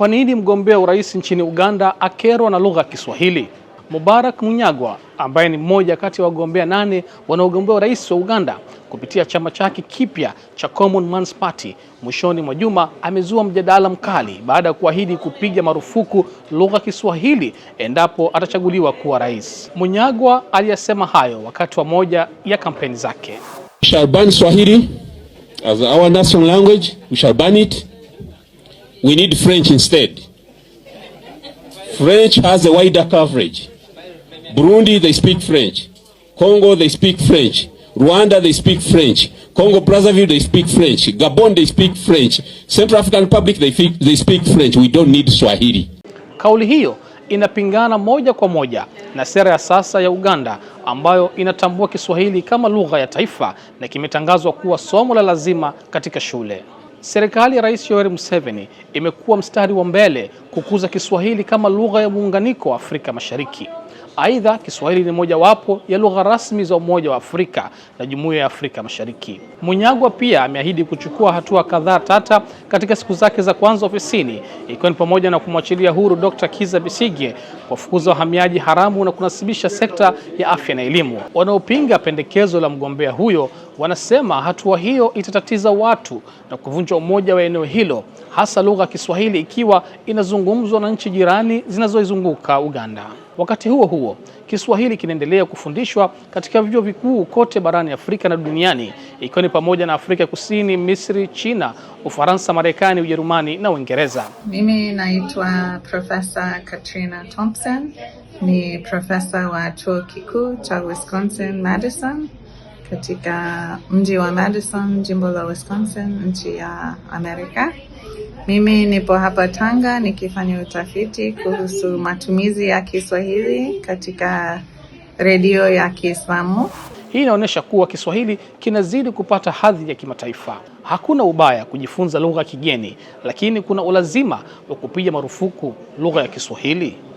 Kwa nini mgombea urais nchini Uganda akerwa na lugha ya Kiswahili? Mubarak Munyagwa ambaye ni mmoja kati ya wagombea nane wanaogombea urais wa Uganda kupitia chama chake kipya cha Common Man's Party mwishoni mwa juma amezua mjadala mkali baada ya kuahidi kupiga marufuku lugha ya Kiswahili endapo atachaguliwa kuwa rais. Munyagwa aliyasema hayo wakati wa moja ya kampeni zake. We shall ban Swahili as our national language. We shall ban it. We need French instead. French has a wider coverage. Burundi, they speak French. Congo, they speak French. Rwanda, they speak French. Congo Brazzaville, they speak French. Gabon, they speak French. Central African Republic, they they speak French. We don't need Swahili. Kauli hiyo inapingana moja kwa moja na sera ya sasa ya Uganda ambayo inatambua Kiswahili kama lugha ya taifa na kimetangazwa kuwa somo la lazima katika shule. Serikali ya Rais Yoweri Museveni imekuwa mstari wa mbele kukuza Kiswahili kama lugha ya muunganiko wa Afrika Mashariki. Aidha, Kiswahili ni mojawapo ya lugha rasmi za Umoja wa Afrika na Jumuiya ya Afrika Mashariki. Munyagwa pia ameahidi kuchukua hatua kadhaa tata katika siku zake za kwanza ofisini, ikiwa ni pamoja na kumwachilia huru Dr. Kiza Bisige, kuwafukuza wahamiaji haramu na kunasibisha sekta ya afya na elimu. Wanaopinga pendekezo la mgombea huyo wanasema hatua hiyo itatatiza watu na kuvunja umoja wa eneo hilo hasa lugha ya Kiswahili ikiwa inazungumzwa na nchi jirani zinazoizunguka Uganda. Wakati huo huo, Kiswahili kinaendelea kufundishwa katika vyuo vikuu kote barani Afrika na duniani ikiwa ni pamoja na Afrika Kusini, Misri, China, Ufaransa, Marekani, Ujerumani na Uingereza. Mimi naitwa Profesa Katrina Thompson, ni profesa wa chuo kikuu cha Wisconsin Madison katika mji wa Madison, jimbo la Wisconsin, nchi ya Amerika. Mimi nipo hapa Tanga nikifanya utafiti kuhusu matumizi ya Kiswahili katika redio ya Kiislamu. Hii inaonyesha kuwa Kiswahili kinazidi kupata hadhi ya kimataifa. Hakuna ubaya kujifunza lugha kigeni, lakini kuna ulazima wa kupiga marufuku lugha ya Kiswahili.